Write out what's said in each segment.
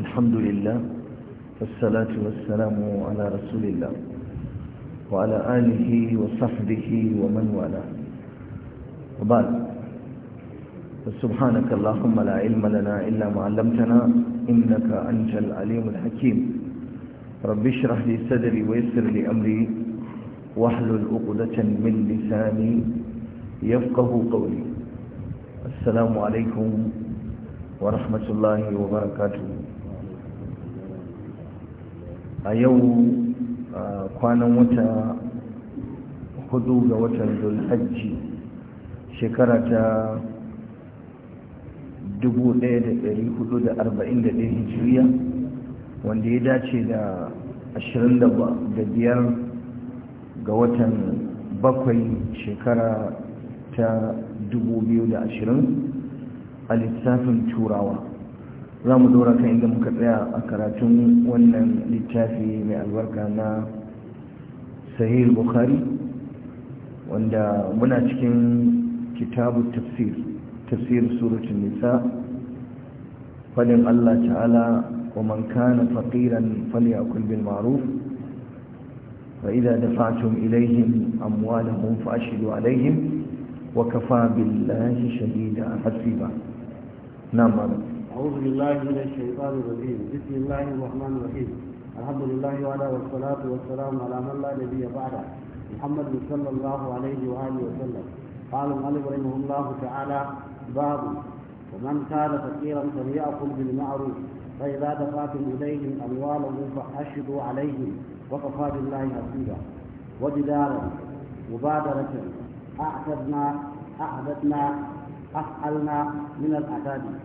الحمد لله والصلاة والسلام على رسول الله وعلى آله وصحبه ومن والاه وبعد سبحانك اللهم لا علم لنا إلا ما علمتنا إنك أنت العليم الحكيم رب اشرح لي صدري ويسر لي أمري واحلل عقدة من لساني يفقه قولي السلام عليكم ورحمة الله وبركاته أيو yau متى خذوه وتنزل الحج شكرة dubu ɗaya da ɗari hudu da arba'in da wanda ya dace da 25 biyar ga watan bakwai shekara ta 2020. a littafin turawa za mu dora kan inda muka tsaya a karatun wannan littafi mai albarka na sahih bukhari wanda muna cikin kitabu tafsir tafsir suratun nisa fadin allah ta'ala wa man kana faqiran falyakul bil ma'ruf فإذا دفعتم إليهم أموالهم فأشهدوا عليهم وكفى بالله شهيدا حسيبا نعم أعوذ بالله من الشيطان الرجيم بسم الله الرحمن الرحيم الحمد لله وعلى والصلاة والسلام على من لا نبي بعده محمد صلى الله عليه وآله وسلم قال المؤلف رحمه الله تعالى باب ومن كان فقيرا فليأكل بالمعروف فإذا دفعتم إليهم أموالهم فحشدوا عليهم وكفى بالله حسيبا وجدارا مبادرة أعتدنا أعددنا أحقلنا من الأكاذيب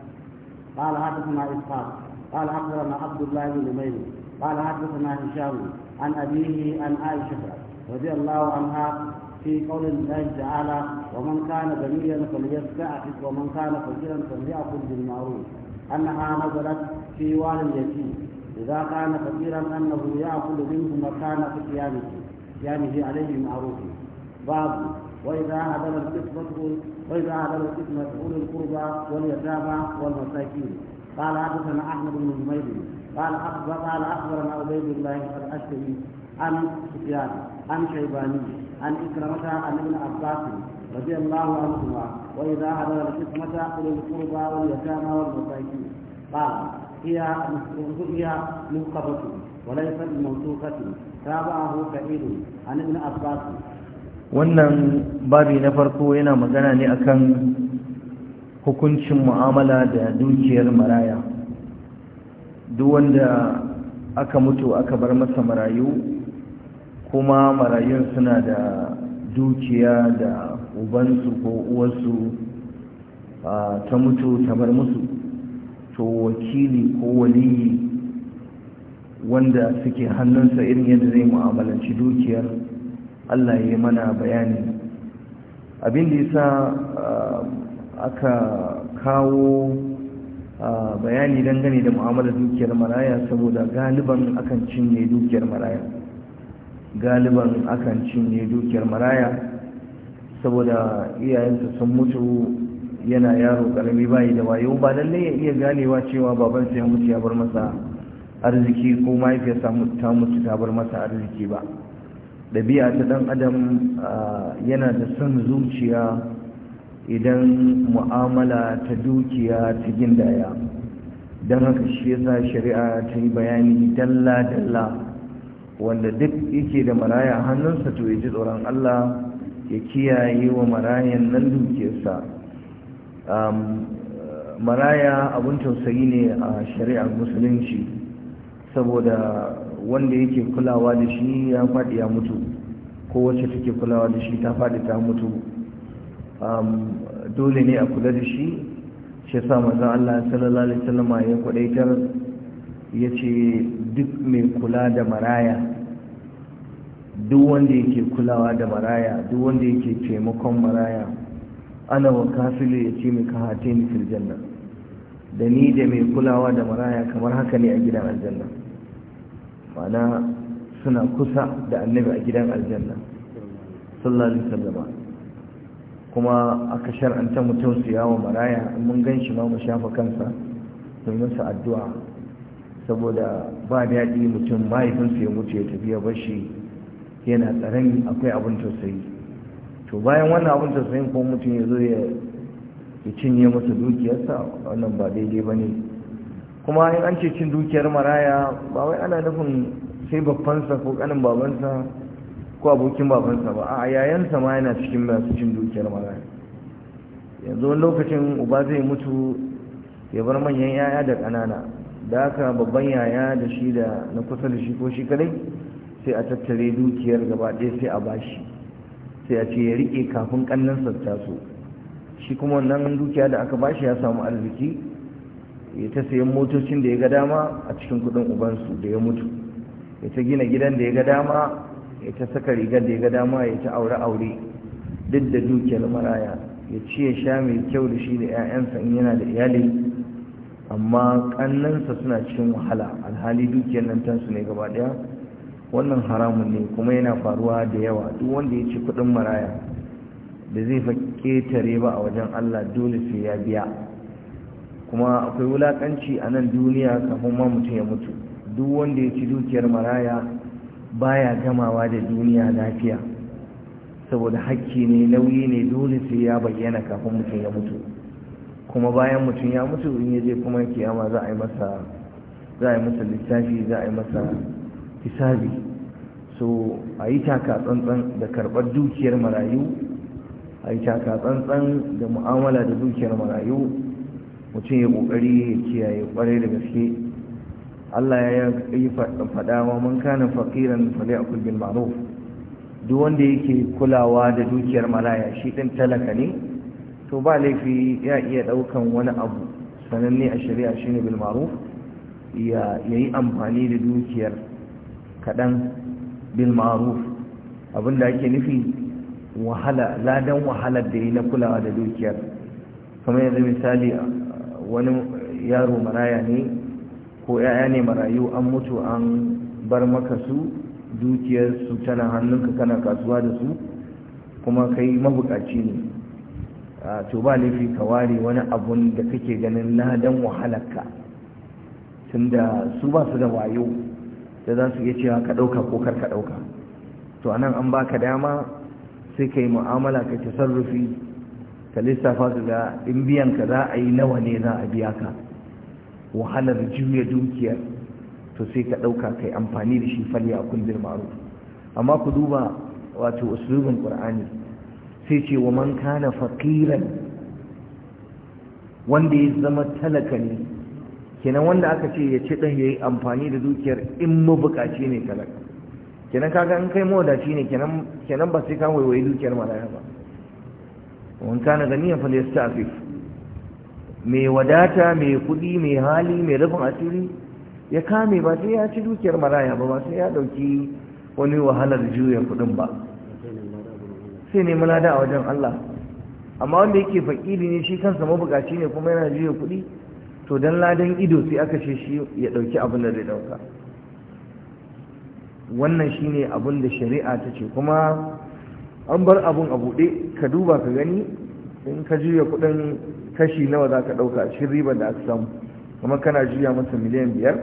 قال حدثنا إسحاق قال أخبرنا عبد الله بن نمير قال حدثنا هشام عن أبيه عن عائشة رضي الله عنها في قول الله تعالى ومن كان غنيا فليستعفف ومن كان فقيرا فليأكل بالمعروف أنها نزلت في وال اليتيم إذا كان فقيرا أنه يأكل منه مكان قيامه قيامه عليه معروف باب وإذا هدم القسمة وإذا هدم القسمة أولي القربى واليتامى والمساكين قال حدثنا أحمد بن حميد قال أخبر قال أخبرنا عبيد الله قد أشتري عن سفيان عن شيباني عن إكرمة عن ابن عباس رضي الله عنهما وإذا هدم القسمة أولي القربى واليتامى والمساكين قال هي هي موقفة وليست موثوقة تابعه كعيد عن ابن عباس wannan babi na farko yana magana ne akan hukuncin mu'amala da dukiyar maraya duk wanda aka mutu aka bar masa marayu kuma marayun suna da dukiya da ubansu ko uwarsu ta mutu ta bar musu to wakili ko waliyi wanda suke hannunsa irin yadda zai mu'amalanci dukiyar Allah ya mana bayani abin da yasa ah, aka kawo ah, bayani dangane da mu'amala dukiyar maraya saboda galiban akan cinye dukiyar maraya galiban akan cinye dukiyar maraya saboda iyayensa sun mutu yana yaro karami bayi da wayo ba lalle ya iya ganewa cewa baban babansa ya mutu ya bar masa arziki ko mahaifiyarsa ta mutu ta bar masa arziki ba ɗabi'a ta ɗan adam yana da son zuciya idan mu'amala ta dukiya ta gin ɗaya. don haka shi yasa shari'a ta yi bayani dalla-dalla wanda duk yake da maraya hannunsa to ya ji tsoron Allah ya kiyaye wa marayan nan dukiyarsa maraya abin tausayi ne a shari'ar musulunci saboda wanda yake kulawa da shi ya faɗi ya mutu ko wacce take kulawa da shi ta faɗi ta mutu um, dole ne a kula da shi shi sa mazan Allah sallallahu alaihi wasallam ya kwadaitar ya ce duk mai kula da maraya duk wanda yake kulawa da maraya duk wanda yake taimakon maraya ana wa kafilu ya ce mai kahate ni fil janna da ni da mai kulawa da maraya kamar haka ne a gidan aljanna ma'ana suna kusa da annabi a gidan aljanna sallallahu alaihi wasallam kuma aka shar'anta mutum su yawo maraya in mun ganshi ma mu shafa kansa mu sa addu'a saboda ba yaɗi mutum mahaifinsa ya mutu ya tafi ya bashi yana tsaron akwai abin tausayi to bayan wannan abin tausayin ko mutum ya zo ya cinye masa dukiyarsa wannan ba daidai ba ne kuma in an ce cin dukiyar maraya ba wai ana nufin sai babbansa ko kanin babansa ko abokin babansa ba a yayansa ma yana cikin masu cin dukiyar maraya yanzu wani lokacin uba zai mutu ya bar manyan yaya da ƙanana da haka babban yaya da shi da na kusa da shi ko shi kadai sai a tattare dukiyar gaba ɗaya sai a bashi sai a ce ya riƙe kafin ƙannan sassa su shi kuma wannan dukiya da aka bashi ya samu arziki ya ta sayan motocin da ya ga dama a cikin kudin ubansu da ya mutu ya ta gina gidan da ya ga dama ya ta saka rigar da ya ga dama ya ta aure aure duk da dukiyar maraya ya ci ya sha mai kyau da shi da 'ya'yansa in yana da iyali amma kannansa suna cikin wahala alhali dukiyar nan tansu ne gaba daya wannan haramun ne kuma yana faruwa da yawa duk wanda ya ci kudin maraya da zai fa ketare ba a wajen Allah dole sai ya biya kuma akwai wulakanci a nan duniya kafin ma mutum ya mutu duk wanda ya ci dukiyar maraya baya gamawa da duniya lafiya saboda hakki ne nauyi ne dole sai ya bayyana kafin mutum ya mutu kuma bayan mutum ya mutu in ya je kuma kiyama za a yi masa za a yi masa littafi za a yi masa hisabi so a yi taka tsantsan da karɓar dukiyar marayu a yi taka tsantsan da mu'amala da dukiyar marayu mutum ya kokari ya kiyaye kwarai da gaske Allah ya yi faɗa wa man kana faqiran falyakul bil ma'ruf duk wanda yake kulawa da dukiyar malaya shi din talaka ne to ba laifi ya iya daukan wani abu sananne a shari'a shine bil ma'ruf ya yi amfani da dukiyar kaɗan bil ma'ruf abinda ake nufi wahala ladan wahalar da yi na kulawa da dukiyar kamar yanzu misali wani yaro maraya ne ko yaya ne marayu an mutu an bar maka su dukiyarsu tana hannunka kana kasuwa da su kuma kai mabukaci ne to ba laifi ka ware wani abun da kake ganin ladan wahalarka tunda su ba su da wayo da za su iya cewa ka ɗauka ko kar ka ɗauka to anan an baka dama sai ka yi mu'amala ka tasarrufi ka lissafa su ga in biyan ka za a yi nawa ne za a biya ka wahalar juya dukiyar to sai ka ɗauka kai amfani da shi falle a kundin maru. amma ku duba wato usulubin ƙur'ani sai ce wa man kana faqiran wanda ya zama talaka ne kenan wanda aka ce ya ci dan yi amfani da dukiyar in mabukaci ne talaka kenan kaga in kai mawadaci ne kenan ba sai ka waiwayi dukiyar malaya ba wani kana ganiyan fa liyastafif mai wadata mai kuɗi mai hali mai rufin asiri ya kame ba sai ya ci dukiyar maraya ba ba sai ya ɗauki wani wahalar juya kuɗin ba sai ne mulada a wajen Allah amma wanda yake fakiri ne shi kansa mabukaci ne kuma yana juya kuɗi to dan ladan ido sai aka ce shi ya ɗauki abin da zai ɗauka wannan shine abin da shari'a ta ce kuma an bar abun a buɗe ka duba ka gani in ka juya kuɗin kashi nawa za ka ɗauka a cikin ribar da aka samu kamar kana juya masa miliyan biyar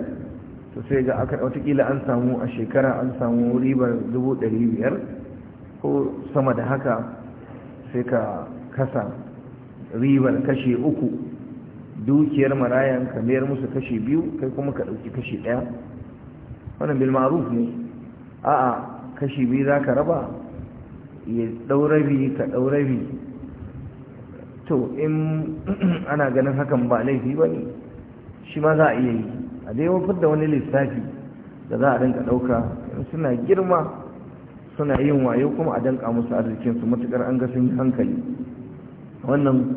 to sai ga aka watakila an samu a shekara an samu ribar dubu ɗari biyar ko sama da haka sai ka kasa ribar kashi uku dukiyar marayan ka mayar musu kashi biyu kai kuma ka ɗauki kashi ɗaya wannan bilmaruf ne a'a kashi biyu za ka raba ya ɗaurabi ka ɗaurabi to in ana ganin hakan ba laifi ba ne shi ma za a iya yi a dai wafar da wani lissafi da za a rinka ɗauka suna girma suna yin wayo kuma a danka musu arzikinsu matuƙar an gasin hankali wannan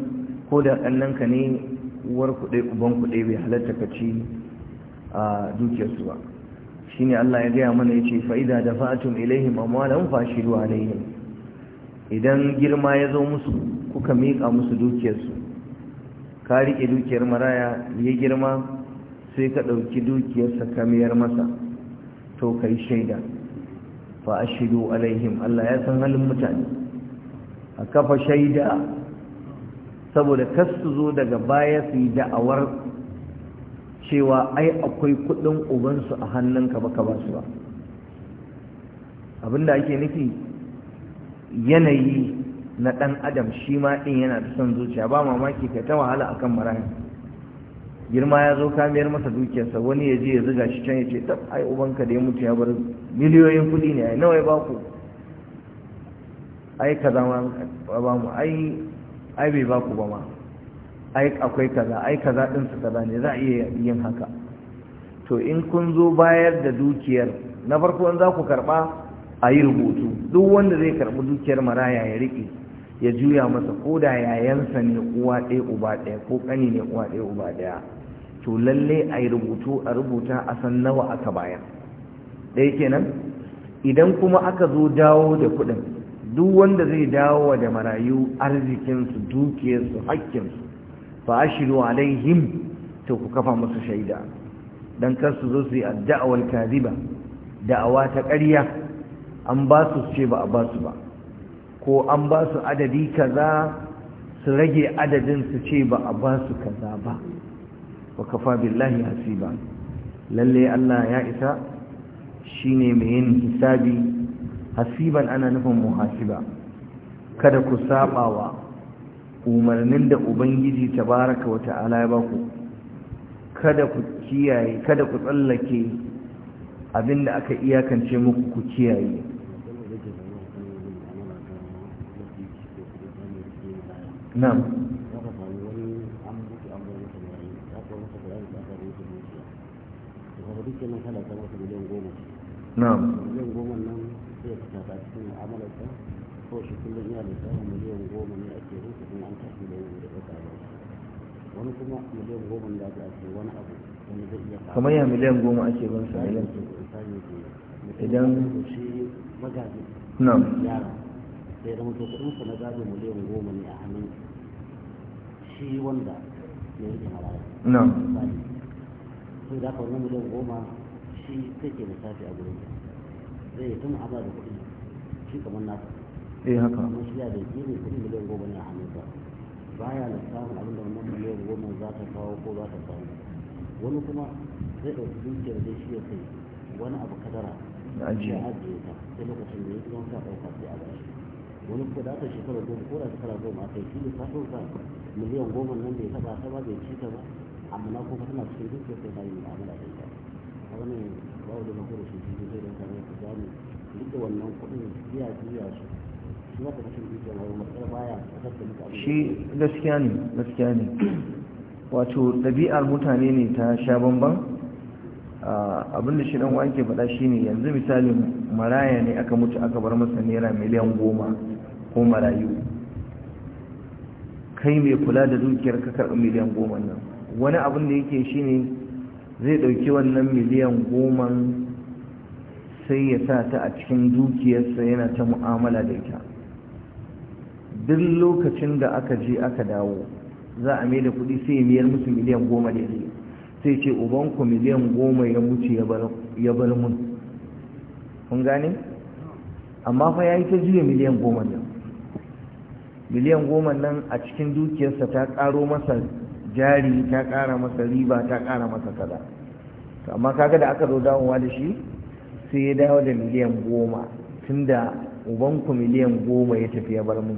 ko da ka ne uwar kuɗe uban kuɗe bai halatta ka ci a dukiyarsu ba shi shine Allah ya gaya mana ya ce fa'ida da fa'atun ilaihim fashi ruwa alaihim idan girma ya zo musu kuka miƙa musu dukiyarsu ka riƙe dukiyar maraya ya girma sai ka ɗauki dukiyarsa ka masa to ka yi shaida fa a shido alaihim Allah ya san halin mutane a kafa shaida saboda kas su zo daga baya su yi da'awar cewa ai akwai kuɗin ubansu a hannunka ka ba su ba abinda ake nufi yanayi na ɗan adam shi ma ɗin yana da son zuciya ba mamaki kai ta wahala akan marahin girma ya zo kamiyar masa dukiyarsa wani ya je ya ziga shi can ya ce tab ai ubanka da ya mutu ya bar miliyoyin kuɗi ne ai nawa ya baku ai kaza ma ba mu ai ai bai baku ba ma ai akwai kaza ai kaza din su kaza ne za a iya yin haka to in kun zo bayar da dukiyar na farko in za ku karɓa a yi rubutu duk wanda zai karɓi dukiyar maraya ya riƙe ya juya masa ko da yayansa ne uwa ɗaya uba ɗaya ko ƙani ne uwa ɗaya uba ɗaya to lalle a yi rubutu a rubuta a san nawa aka bayar ɗaya kenan idan kuma aka zo dawo da kuɗin duk wanda zai dawo da marayu arzikinsu dukiyarsu hakkinsu fa ashiru alaihim to ku kafa musu shaida dan kar su zo su yi adda'awal kaziba da'awa ta ƙarya an ba su ce ba a ba su ba ko an ba su adadi kaza su rage adadin su ce ba a ba su kaza ba wa kafa billahi hasiba lalle Allah ya isa shine mai yin hisabi hasiban ana nufin muhasiba kada ku sabawa umarnin da ubangiji tabaraka wa ta'ala ya baku kada ku kiyaye kada ku tsallake abinda aka iyakance muku ku kiyaye نعم نعم miliyan goma nan aka kamar ya miliyan goma ake ban sa idan shi yara sai da mutu kudin sa na gado miliyan goma ne a hannun shi wanda ya rike maraya na sai da kawai miliyan goma shi ta ke lissafi a gurin sa zai yi ta abada da kudi shi kamar nasa eh haka Amma shi ya da gini kudin miliyan goma ne a hannun sa baya lissafin abinda wannan miliyan goma za ta kawo ko za ta samu. wani kuma zai ɗauki dukiyar da shi ya kai wani abu kadara ya ajiye ta sai lokacin da ya zama ta ɗauka sai a bashi wani kuka da aka shekara goma ko da shekara goma a kai shi ta ɗauka miliyan goma nan bai taba ta ba bai ci ta ba amma na kuma tana cikin duk da ta yi mu'amala da ita a wani babu da mako da shi shi zai da ta ne gani duk da wannan kuɗin biya biya su shi ma ta cikin duk da wani matsala baya a kasa abu shi gaskiya ne gaskiya ne wato ɗabi'ar mutane ne ta sha bamban abinda shi ɗan wanke faɗa shine yanzu misalin maraya ne aka mutu aka bar masa naira miliyan goma ko marayu kai mai kula da dukiyar ka karɓi miliyan goma nan wani abin da yake shi ne zai ɗauki wannan miliyan goma sai ya sa ta a cikin dukiyarsa yana ta mu'amala da ita duk lokacin da aka je aka dawo za a mai da kuɗi sai ya miyar musu miliyan goma da ya sai ce ubanku miliyan goma ya mutu ya bar mun kun gane amma fa ya yi ta juya miliyan goma nan. miliyan goma nan a cikin dukiyarsa ta ƙaro masa jari ta ƙara masa riba ta ƙara masa kaza amma kaga da aka zo dawowa da shi sai ya dawo da miliyan goma tunda ubanku miliyan goma ya tafi ya bar mu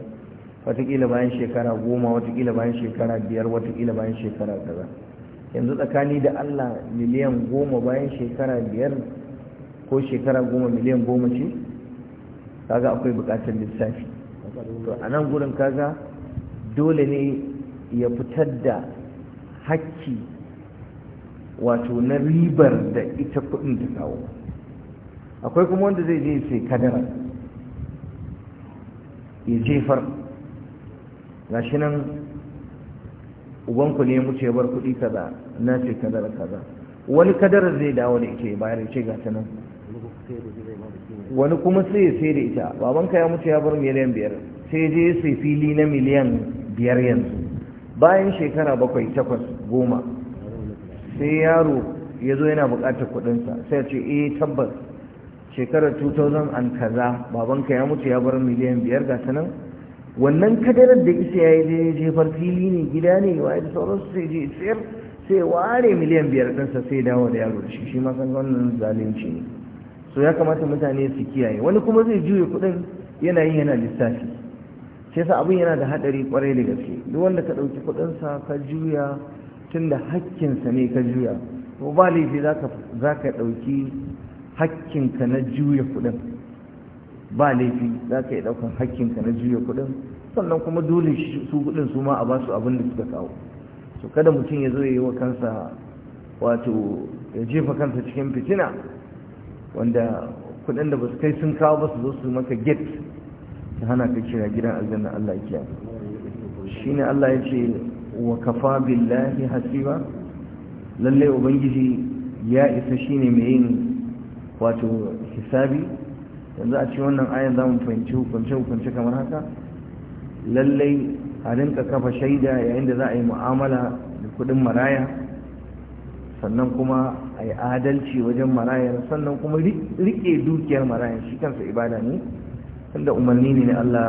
watakila bayan shekara goma watakila bayan shekara biyar watakila bayan shekara kaza yanzu tsakani da allah miliyan goma bayan shekara biyar ko shekara goma miliyan goma ce kaga akwai bukatar lissafi to a nan gurin kaga dole ne ya fitar da hakki wato na ribar da ita kudin ta kawo akwai kuma wanda zai je sai kadara ya jefar gashi nan ubanku ne mu ce bar kudi kaza na ce kadara kaza wani kadara zai dawo da ita ya bayar ya ce ga nan wani kuma sai ya sai da ita babanka ya mutu ya bar miliyan biyar sai je sai fili na miliyan biyar yanzu bayan shekara bakwai takwas goma sai yaro ya zo yana bukatar kuɗinsa sai ce eh tabbas shekarar 2000 an kaza babanka ya mutu ya bar miliyan biyar ga sanan wannan kadarar da isa ya yi jefar fili ne gida ne waye sauransu sai je sayar sai ware miliyan biyar ɗinsa sai dawo da yaro shi shi ma wannan zalunci ne so ya kamata mutane su kiyaye wani kuma zai juya kuɗin yana yi yana lissafi sai sa abin yana da haɗari kwarai da gaske duk wanda ka ɗauki kuɗinsa ka juya tunda sa ne ka juya to ba laifi za ka ɗauki ka na juya kuɗin ba laifi za ka daukan ɗaukan ka na juya kuɗin sannan kuma dole su kuɗin su ma a ba su abin da suka kawo to kada mutum ya zo ya yi wa kansa wato ya jefa kansa cikin fitina wanda kudin da ba kai sun kawo ba su zo su maka get ta hana ka kira gidan aljanna Allah ya kiyaye ne Allah ya ce wa kafa billahi hasiba lalle ubangiji ya isa shi ne mai yin wato hisabi yanzu a ce wannan ayan za mu fahimci hukunce hukunce kamar haka lallai a rinka kafa shaida yayin da za a yi mu'amala da kudin maraya sannan kuma a yi adalci wajen marayar sannan kuma riƙe dukiyar marayar shi kansa ibada ne inda umarni ne na Allah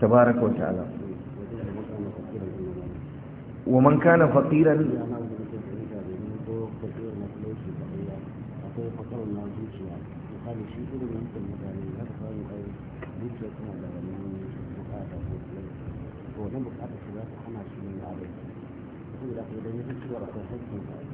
tabaraka wa ta'ala wa man kana faqiran wannan bukatar za hana shi na abin saboda ya fi ciwar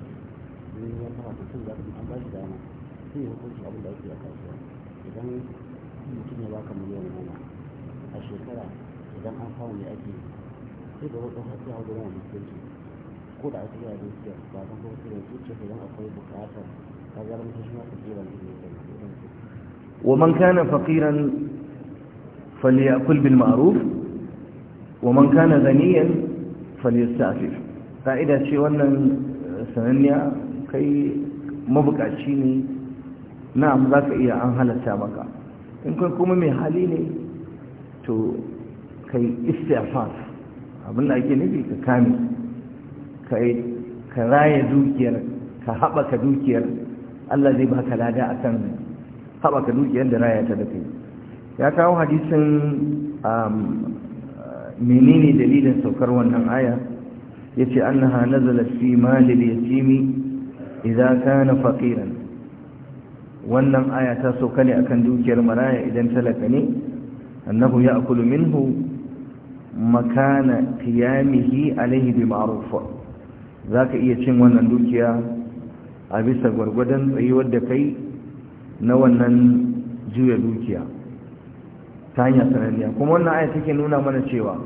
ومن كان فقيرا فليأكل بالمعروف ومن كان غنيا فليستعفف فإذا شيء وانا سننيا kai mabukaci ne na'am za ka iya an halatta maka in kai kuma mai hali ne to kai istiafas abin da ake nufi ka kame ka raya dukiyar ka haɓaka dukiyar Allah zai baka lada a kan haɓaka dukiyar da raya ta dafi ya kawo hadisin menene dalilin saukar wannan aya ya ce annaha nazalat fi malil yatimi idza kana faqiran wannan aya ta soka ne akan dukiyar maraya idan talaka ne annahu ya'kulu minhu makana qiyamihi alayhi bi ma'ruf zaka iya cin wannan dukiya a bisa gwargwadon tsayuwar da kai na wannan juya dukiya ta hanyar sananniya kuma wannan aya take nuna mana cewa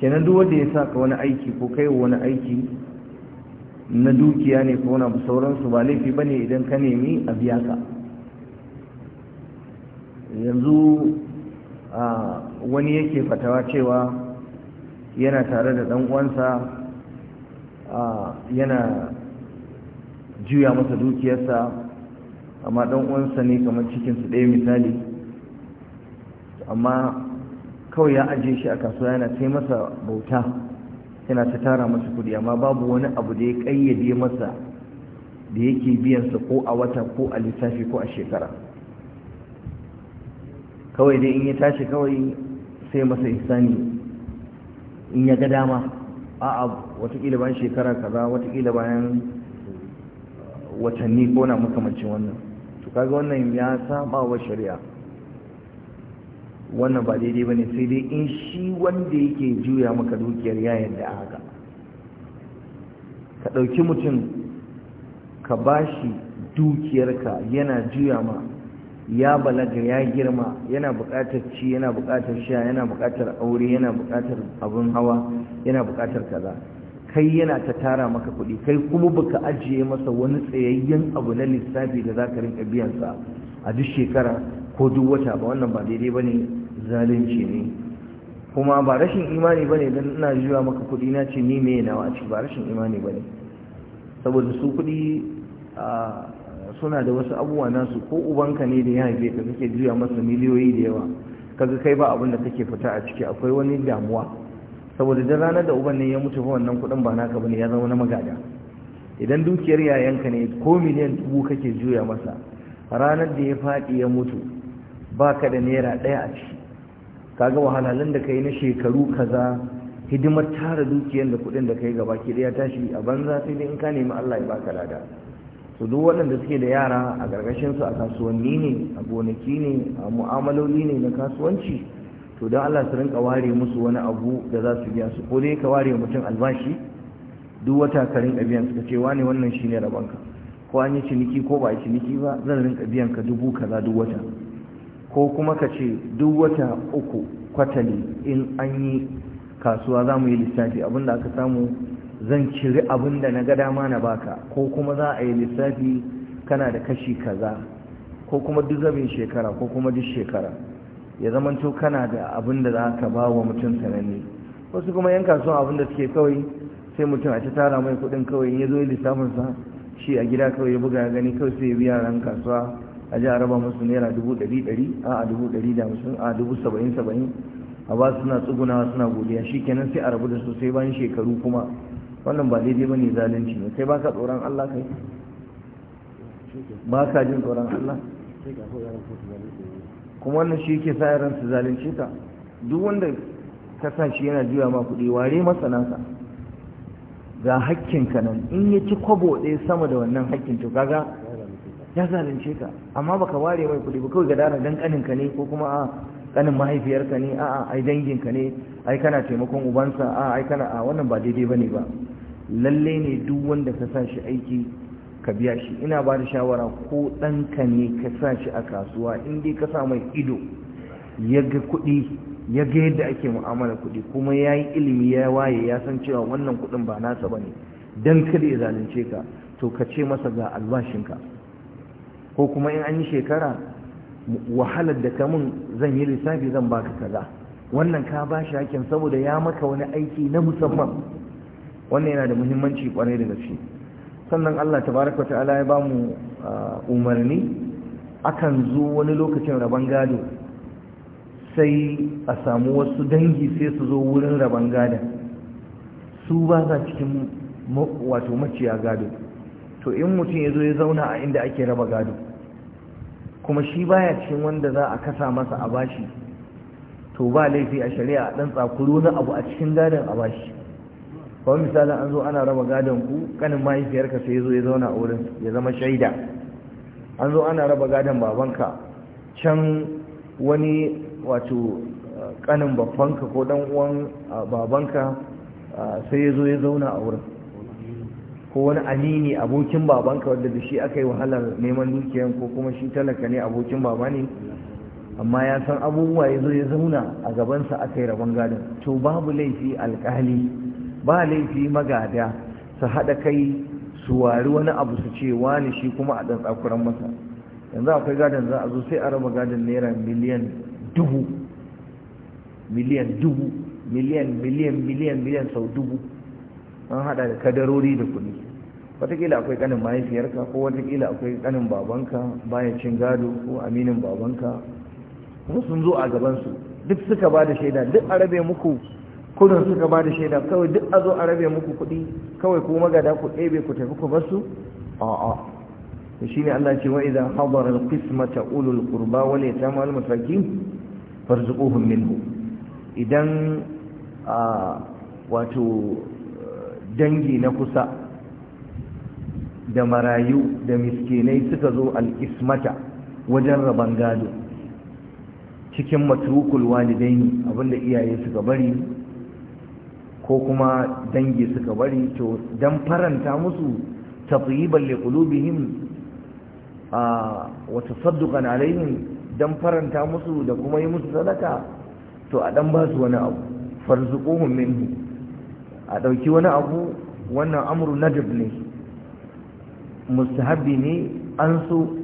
kenan duk wanda ya saka wani aiki ko kai wani aiki na dukiya ne ko na sauransu ba laifi ba ne idan ka nemi a biya ka yanzu wani yake fatawa cewa yana tare da ɗan uwansa yana juya masa dukiyarsa amma ɗan'uwansa ne kamar cikinsu ɗaya misali amma kawai ya ajiye shi a kasuwa yana kai masa bauta yana ta tara masa kudi amma babu wani abu da ya kayyade masa da yake biyansa ko a wata ko a littafi ko a shekara kawai dai in ya tashi kawai sai masa isani in ya ga dama a'a watakila bayan shekara kaza watakila bayan watanni ko na makamancin wannan to kaga wannan ya saba wa shari'a wannan ba daidai ba ne sai dai in shi wanda yake juya maka dukiyar ya yadda a haka ka ɗauki mutum ka ba shi dukiyarka yana juya ma ya balaga ya girma yana buƙatar ci yana buƙatar sha yana buƙatar aure yana buƙatar abin hawa yana buƙatar kaza kai yana ta tara maka kuɗi kai kuma baka ajiye masa wani tsayayyen abu na lissafi da za ka rinka biyansa a duk shekara ko duk wata ba wannan ba daidai ba ne zalunci ne kuma ba rashin imani bane dan ina jiwa maka kudi na ce ni me nawa a ba rashin imani bane saboda su kudi suna da wasu abubuwa nasu ko ubanka ne da ya haife ka kake juya masa miliyoyi da yawa kaga kai ba abin da kake fita a ciki akwai wani damuwa saboda da ranar da uban ne ya mutu fa wannan kudin ba naka bane ya zama na magada idan dukiyar yayanka ne ko miliyan dubu kake juya masa ranar da ya faɗi ya mutu ba ka da naira ɗaya a ciki kaga wahalhalun da ka yi na shekaru kaza hidimar tara dukiyar da kudin da kai gaba ki ya tashi a banza sai dai in ka nemi Allah ya baka lada to duk waɗanda suke da yara a gargashin su a kasuwanni ne a gonaki ne a mu'amaloli ne na kasuwanci to don Allah su rinka ware musu wani abu da za su biya su ko dai ka ware mutum albashi duk wata ka rinka biyan suka ce wane wannan shine rabanka ko an yi ciniki ko ba a ciniki ba zan rinka biyan ka dubu kaza duk wata ko kuma ka ce duk wata uku kwatali in an yi kasuwa za mu yi lissafi abinda aka samu zan ciri abinda na ga dama na baka ko kuma za a yi lissafi kana da kashi kaza ko kuma duk zabin shekara ko kuma duk shekara ya zamanto kana da abinda za ka ba wa mutum sananne wasu kuma yan kasuwa abinda suke kawai sai mutum a ta tara mai kudin kawai ya zo yi lissafinsa shi a gida kawai ya buga gani kawai sai ya biya ran kasuwa a ji a raba musu naira dubu ɗari ɗari a dubu ɗari da a dubu saba'in saba'in a ba suna tsugunawa suna godiya shi kenan sai a rabu da su sai bayan shekaru kuma wannan ba daidai ba ne zalunci ne sai baka tsoron Allah kai ba ka jin tsoron Allah kuma wannan shi ke sa yaran su zalunce ka duk wanda ka sa shi yana juya ma kuɗi ware masana nasa ga hakkin ka nan in ya ci kwabo ɗaya sama da wannan hakkin to kaga ya zalunce ka amma baka ware mai kuɗi ba kawai ga dara dan kanin ka ne ko kuma a kanin mahaifiyarka ne a'a ai dangin ka ne ai kana taimakon ubansa a'a ai kana a wannan ba daidai bane ba lalle ne duk wanda ka sa shi aiki ka biya shi ina ba da shawara ko ɗanka ne ka sa shi a kasuwa in dai ka sa mai ido ya ga kuɗi ya ga yadda ake mu'amala kuɗi kuma ya yi ilimi ya waye ya san cewa wannan kuɗin ba nasa ba ne don kada ya zalunce ka to ka ce masa ga albashinka ko kuma in an yi shekara wahalar da ka mun zan yi lissafi zan baka kaza wannan ka ba shi saboda ya maka wani aiki na musamman wannan yana da muhimmanci kwarai da gaske sannan Allah tabaraka ta'ala ya bamu umarni akan zo wani lokacin raban gado sai a samu wasu dangi sai su zo wurin raban gado su ba za cikin wato maciya gado to in mutum ya zo ya zauna a inda ake raba gado kuma shi baya cikin wanda za a kasa masa a bashi to ba laifi a shari'a dan tsakuro na abu a cikin gadon a bashi ba misalin an zo ana raba gadon ku kanin mahaifiyarka sai ya zo ya zauna a wurin ya zama shaida an zo ana raba gadon babanka can wani wato kanin babbanka ko dan uwan babanka sai ya zo ya zauna a wurin ko wani amini abokin babanka wanda da shi aka yi wahalar neman dukiyan ko kuma shi talaka ne abokin baba ne amma ya san abubuwa ya zo ya zauna a gabansa aka yi rabon gadon to babu laifi alkali ba laifi magada su haɗa kai su wari wani abu su ce wani shi kuma a ɗan tsakuran masa yanzu akwai gadon za a zo sai a raba gadon naira miliyan dubu miliyan dubu miliyan miliyan miliyan miliyan sau dubu an hada da kadarori da kuɗi watakila akwai kanin mahaifiyarka ko watakila akwai kanin babanka bayan cin gado ko aminin babanka kuma sun zo a gabansu duk suka ba da shaida duk a rabe muku kudin suka ba da shaida kawai duk a zo a rabe muku kuɗi kawai ko magada ku ɗebe ku tafi ku basu a'a to shine Allah ce wa idan hadara al ta ulul qurba wal yatama wal masakin farzuquhum minhu idan a wato dangi na kusa da marayu da miskinai suka zo al'ismata wajen rabon gado cikin matrukul walidaini abinda iyaye suka bari ko kuma dangi suka bari to don faranta musu tafiyiban likulubihim a wata saddukan alaihim don faranta musu da kuma yi musu sadaka to a dan ba su wani abu farzuquhum minhu a ɗauki wani abu wannan amuru najib ne mustahabi ne an so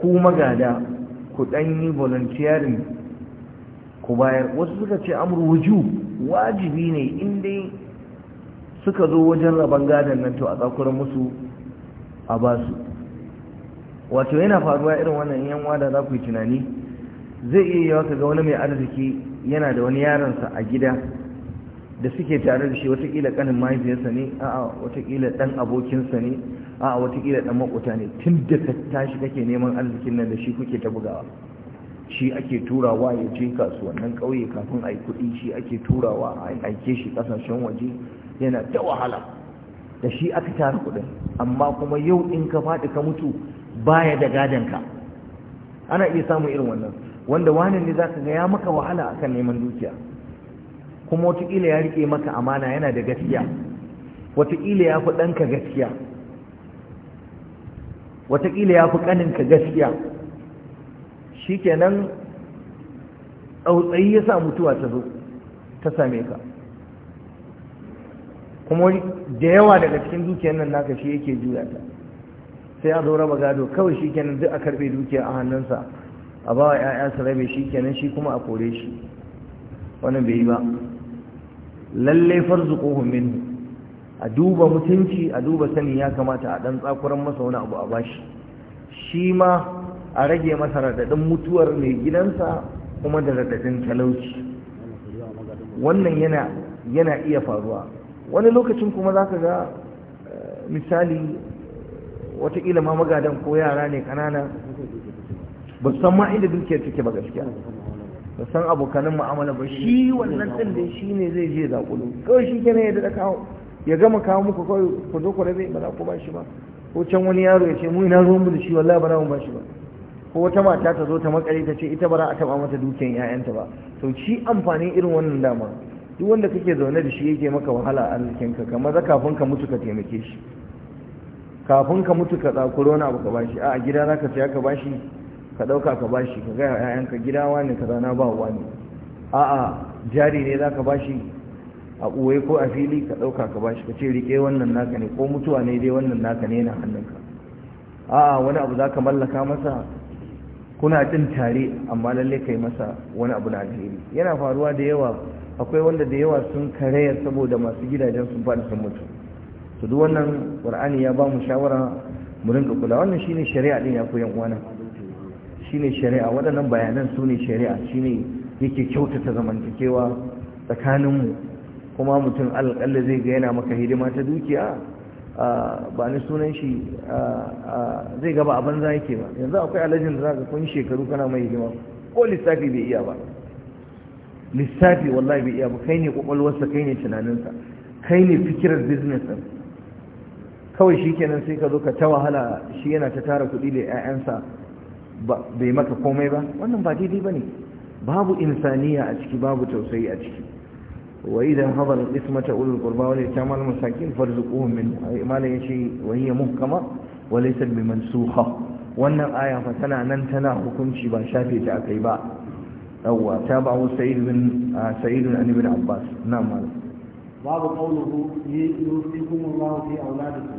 ku magada ku ɗan yi volunteering ku bayar wasu suka ce amuru wuju wajibi ne inda suka zo wajen rabon gadon nan to a tsakurin musu a basu wato yana faruwa irin wannan 'yanwa da za ku yi tunani zai iya yawa ga wani mai arziki yana da wani yaransa a gida da suke tare da shi watakila kanin mahaifiyarsa ne a'a watakila dan abokinsa ne a'a watakila dan makota ne tun da ka tashi kake neman arzikin nan da shi kuke ta bugawa shi ake turawa ya je kasuwannin kauye kafin a yi kuɗi shi ake turawa a aike shi kasashen waje yana da wahala da shi aka tara kuɗin amma kuma yau in ka faɗi ka mutu baya da gadon ka. ana iya samun irin wannan wanda wani ne za ka ga ya maka wahala akan neman dukiya kuma wataƙila ya riƙe maka amana yana da gaskiya wataƙila ya fi ɗanka gaskiya wataƙila ya fi ƙaninka gaskiya shi kenan tsautsayi ya sa mutuwa ta zo ta same ka kuma da yawa daga cikin dukiyar nan naka shi yake juya ta sai a zo raba gado kawai shi kenan duk a karɓe dukiya a hannunsa a ba wa 'ya'ya su rabe shi kenan shi kuma a kore shi wannan bai yi ba lalle farzuquhu min a duba mutunci a duba sani ya kamata a dan tsakuran masa wani abu a bashi shi ma a rage masa radadin mutuwar mai gidansa kuma da radadin talauci wannan yana yana iya faruwa wani lokacin kuma zaka ga eh, misali watakila ma magadan ko yara ne kanana ba san ma inda dukiyar take ba gaskiya da san abokanin mu'amala ba shi wannan din da shi ne zai je zakulu kawai shi kenan ya da kawo ya gama kawo muku kawai ku zo ku rabe ba za ku ba shi ba ko can wani yaro ya ce mu ina ruwan mu da shi wallahi ba za mu ba shi ba ko wata mata ta zo ta makare ta ce ita ba za a taba mata dukiyar 'ya'yanta ba to shi amfani irin wannan dama duk wanda kake zaune da shi yake maka wahala a arzikinka ka maza kafin ka mutu ka taimake shi kafin ka mutu ka tsakuro na abu ka bashi a gida za ka saya ka bashi ka ɗauka ka bashi ka gaya ‘ya'yanka gida wani ka zana ba wani a'a jari ne za ka bashi a ɓoye ko a fili ka ɗauka ka bashi ka ce riƙe wannan naka ne ko mutuwa ne dai wannan naka ne na hannunka a'a wani abu za ka mallaka masa kuna jin tare amma lalle kai masa wani abu na alheri yana faruwa da yawa akwai wanda da yawa sun karaya saboda masu gidajen sun faɗi sun mutu su duk wannan qur'ani ya ba mu shawara mu rinka kula wannan shine shari'a din ya koyan uwana shine shari'a waɗannan bayanan su ne shari'a shine yake kyautata zamantakewa tsakaninmu kuma mutum alƙalla zai ga yana maka hidima ta dukiya ba ni sunan shi zai gaba a banza yake ba yanzu akwai alajin da za ka kun shekaru kana mai hidima ko lissafi bai iya ba lissafi wallahi bai iya ba kai ne kwakwalwarsa kai ne tunaninsa kai ne fikirar business din kawai kenan sai ka zo ka ta wahala shi yana ta tara kuɗi da 'ya'yansa bai maka komai ba wannan ba daidai ba ne babu insaniya a ciki babu tausayi a ciki wa idan hadar ismata ulul qurba wal yatama al masakin farzuquhum min mala yace wa hiya muhkama wa laysa bi mansukha wannan aya fa tana nan tana hukunci ba shafe ta akai ba yawwa ta ba wa sa'id bin sa'id an ibn abbas na'am malam باب قوله يوصيكم الله في اولادكم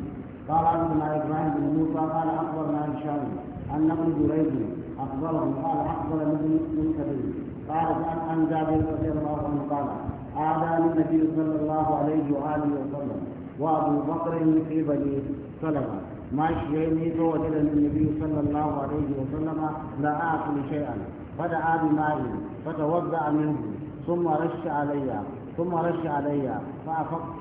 قال عبد الله ابراهيم بن موسى قال اخبرنا هشام أن ابن جريج أخبره قال مني من كبير قال نعم، عن جابر رضي الله عنه قال آذاني النبي صلى الله عليه وآله وسلم وأبو بكر في بني سلمة ماشيين فوجد النبي صلى الله عليه وسلم لا آكل شيئا فدعا بماء فتوضأ منه ثم رش علي ثم رش علي فأفقت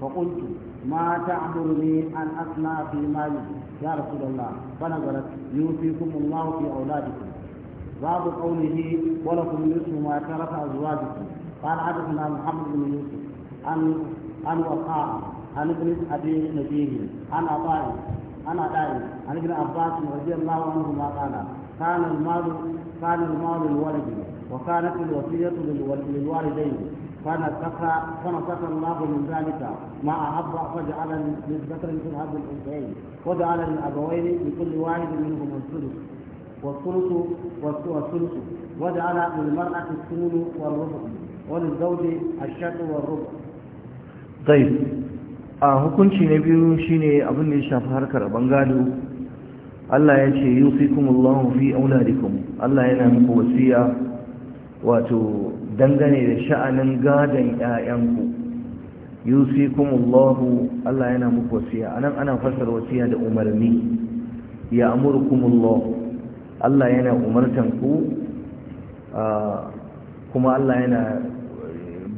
فقلت ما تعبرني أن أصنع في مالي يا رسول الله فنظرت يوفيكم الله في أولادكم باب قوله ولكم نصف ما ترك أزواجكم قال حدثنا محمد بن يوسف عن عن وقاع عن ابن أبي نبيه عن عطاء عن عطاء عن ابن عباس رضي الله عنهما قال كان المال كان المال الوالد وكانت الوصية للوالدين فنسخ فنسخ الله من ذلك ما أحب فجعل للذكر مثل هذه الأنثيين وجعل للأبوين لكل واحد منهم الثلث والثلث والثلث وجعل للمرأة الثمن والربع وللزوج الشق والربع. طيب a hukunci na biyu shine abin da ya shafi harkar bangado Allah ya ce yufikumullahu fi auladikum Allah yana muku wasiya wato dangane da sha'anin gadon 'ya'yanku kuma Allah yana muku wasiya anan ana fassara wasiya da umarni ya kuma Allah yana umartan ku kuma Allah yana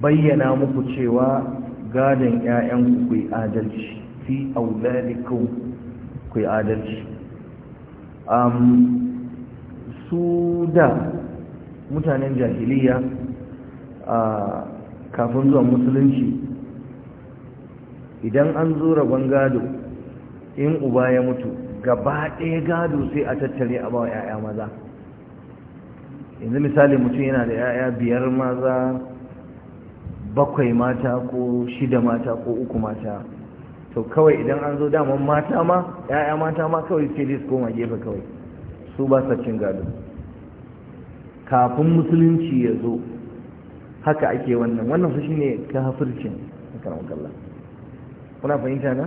bayyana muku cewa gadon 'ya'yanku ku yi adalci fi auladikum ku yi adalci su da mutanen jahiliya a kafin zuwan musulunci idan an zo rabon gado in uba ya mutu gaba ɗaya gado sai a tattare a bawa 'ya'ya maza yanzu misali mutum yana da 'ya'ya biyar maza bakwai mata ko shida mata ko uku mata to kawai idan an zo daman mata ma 'ya'ya mata ma kawai sai dai su koma gefe kawai su ba sa gado kafin musulunci ya zo haka ake wannan wannan su shine kafircin karamakalla kuna fahimta na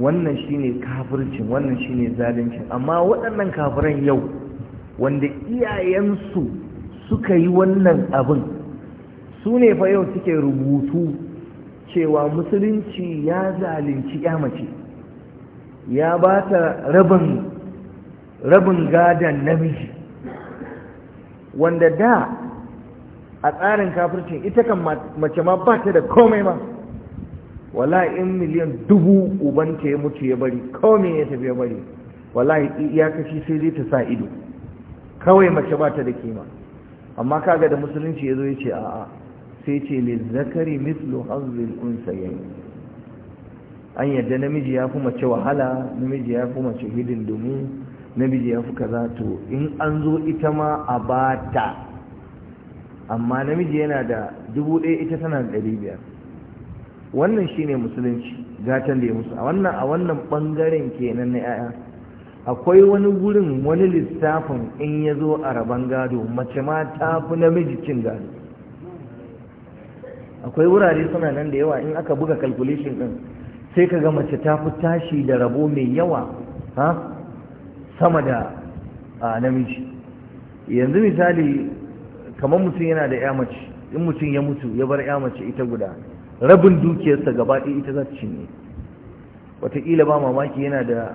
wannan shine kafircin wannan shine zalincin amma waɗannan kafiran yau wanda iyayensu suka yi wannan abin su ne fa yau suke rubutu cewa musulunci ya zalunci ya mace ya ba ta rabin gadon namiji wanda da a tsarin kafircin ita kan mace ma ba ta da komai ba Wala in miliyan dubu ubanta ya mutu ya bari komai ya tafi ya bari Wala ya kashi sai zai ta sa ido kawai mace ba ta da kima amma kaga da musulunci ya zo ya ce a'a sai ce mai zakari mislu ya yi? an yadda namiji ya fi mace wahala namiji ya fi mace hidin domin namiji ya fi kaza to in an zo ita ma a ba ta. amma namiji yana da dubu ɗaya ita tana da ɗari biyar wannan shine musulunci gatan da ya musu a wannan a wannan ɓangaren kenan na 'ya'ya akwai wani gurin wani lissafin in ya zo a rabon gado mace ma ta fi namiji cin gado akwai wurare suna nan da yawa in aka buga calculation ɗin sai ka ga mace ta fi tashi da rabo mai yawa ha sama da namiji yanzu misali kamar mutum yana da ya mace in mutum ya mutu ya bar ya mace ita guda rabin dukiyarsa gaba ɗaya ita za ta cinye wataƙila ba mamaki yana da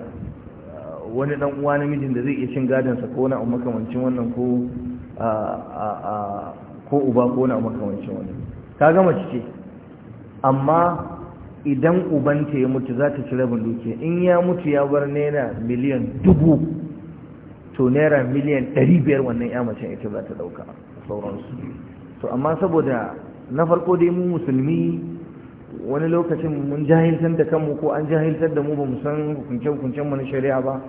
uh, wani ɗan uwa namijin da zai iya cin gadonsa ko na makamancin wannan ko uh, uh, ko uba ko na makamancin wannan ka gama ce amma idan ubanta ya mutu za ta ci rabin dukiya in ya mutu ya bar naira miliyan dubu to naira miliyan ɗari biyar wannan ya mace ita za ta ɗauka sauransu to amma saboda na farko dai mu musulmi wani lokacin mun jahiltar da kanmu ko an jahiltar da mu ba musan san hukunce-hukuncen mu shari'a ba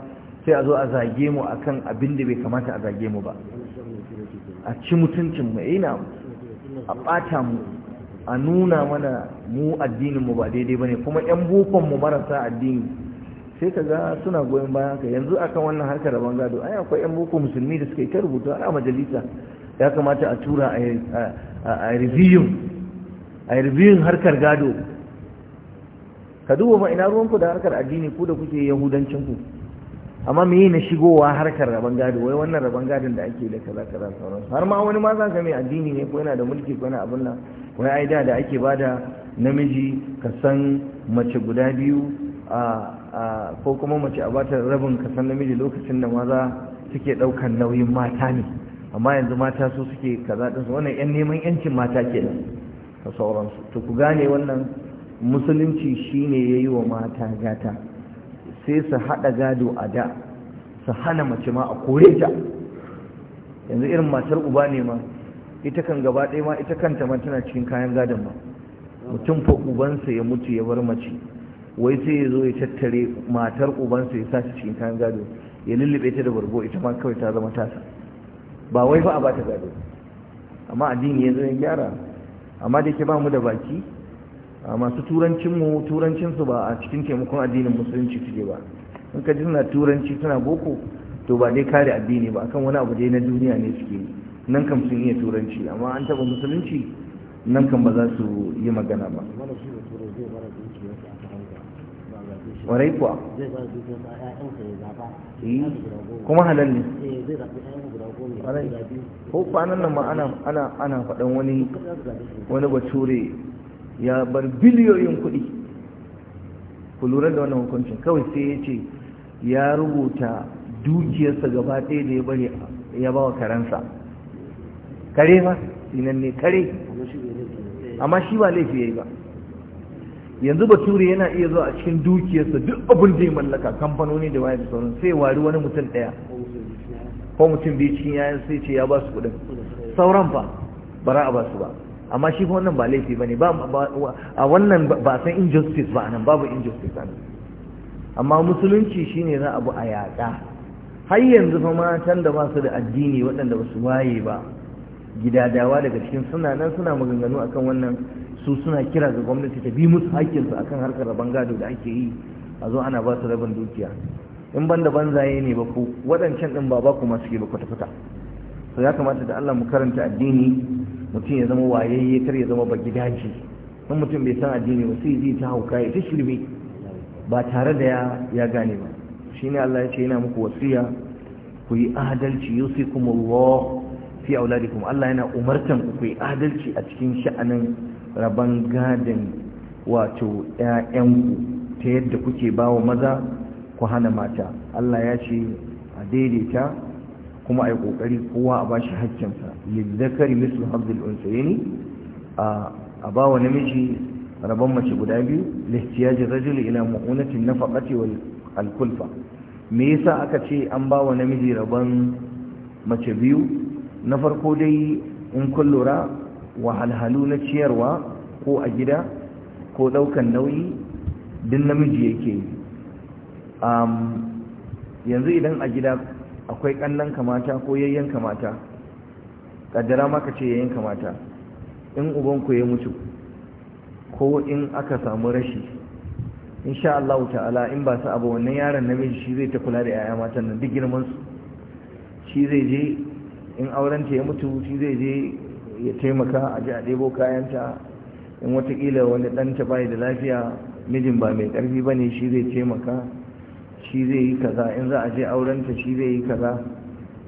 sai a zo a zage mu akan abin da bai kamata a zage mu ba a ci mutuncin mu ina eh, a ɓata mu a nuna mana mu addinin mu ba daidai ba ne kuma yan bokon marasa addini sai ka ga suna goyon bayan ka yanzu akan wannan harkar rabon gado ai akwai yan boko musulmi da suka yi ta rubutu a majalisa ya kamata a tura a reviyun a reviyun harkar gado ka duba ma ina ruwanku da harkar addini ku da kuke yahudancinku amma me na shigowa harkar rabon gado wai wannan rabon gadon da ake da kaza kaza sauran har ma wani ma zaka mai addini ne ko yana da mulki ko yana abin nan wai ai da da ake bada namiji ka san mace guda biyu a ko kuma mace a bata rabin ka san namiji lokacin da maza suke daukan nauyin mata ne amma yanzu mata su suke kaza su wannan yan neman yancin mata ke nan da sauransu to ku gane wannan musulunci shine ya yi wa mata gata sai su haɗa gado a da su hana mace ma a kore ta yanzu irin matar uba ne ma ita kan gaba ɗaya ma ita kanta ma tana cikin kayan gadon ba mutum fa ubansa ya mutu ya bar mace wai sai ya zo ya tattare matar ubansa ya sa cikin kayan gado ya lullube ta da bargo ita ma kawai ta zama tasa ba wai fa a ba ta gado amma addini ya zai gyara amma da yake ba mu da baki masu turancin turancinsu ba a cikin taimakon addinin musulunci suke ba in ka ji suna turanci suna boko to ba dai kare addini ba akan wani abu dai na duniya ne suke nan kam sun iya turanci amma an taba musulunci nan kan ba za su yi magana ba warai kuwa eh, kuma halal ne eh, ko kwanan nan ma ana ana faɗan wani wani bature ya bar biliyoyin kuɗi ku lura da wannan hukuncin kawai sai ya ce ya rubuta dukiyarsa gaba ɗaya da ya bari ya ba wa karensa kare ma sinan ne kare amma shi ba laifi ya ba yanzu bature yana iya zuwa a cikin dukiyarsa duk abin da ya mallaka kamfanoni da da sauran sai wari wani mutum ɗaya ko mutum biyu cikin yayan sai ce ya ba su kuɗin sauran fa bara a ba su ba amma shi wannan ba laifi ne ba a wannan ba san injustice ba nan babu injustice nan amma musulunci shine na abu a yaƙa har yanzu fa matan da ba su da addini waɗanda ba su waye ba gidadawa daga cikin suna nan suna maganganu akan wannan su suna kira ga gwamnati ta bi musu haƙƙinsu akan harkar rabon gado da ake yi a zo ana ba su rabin dukiya in ban da banzaye ne ba ku waɗancan ɗin ba ba ku masu ke ba kwata-kwata to ya kamata da Allah mu karanta addini mutum ya zama wayayye kar ya zama ba gidaje in mutum bai san addini ba sai zai ta hauka ya ta shirme ba tare da ya gane ba shine Allah ya ce yana muku wasiya ku yi adalci yusikumullah fi kuma. Allah yana umartan ku yi adalci a cikin sha'anin rabon gadin wato 'ya'yanku ta yadda kuke bawa maza ku hana mata Allah ya ce a daidaita kuma a yi ƙoƙari kowa a bashi haƙƙinsa lizzakari mislu hazzul unsayni a ba wa namiji rabon mace guda biyu lihtiyaji rajul ila mu'unatin nafaqati wal alkulfa me yasa aka ce an ba wa namiji rabon mace biyu na farko dai in kun lura wahalhalu na ciyarwa ko a gida ko ɗaukan nauyi din namiji yake yi yanzu idan a gida akwai kannan kamata ko yayyan kamata kaddara maka ce yayyan kamata in ubanku ya mutu ko in aka samu rashi sha Allah ta'ala in ba su abu wannan yaron namiji shi zai ta kula da yaya matan nan duk girman shi zai je in auren ta ya mutu shi zai je ya taimaka a ji a ɗebo kayanta in watakila wani ɗanta bai da lafiya mijin ba mai ƙarfi ba ne shi zai taimaka shi zai yi kaza in za a je aurenta shi zai yi kaza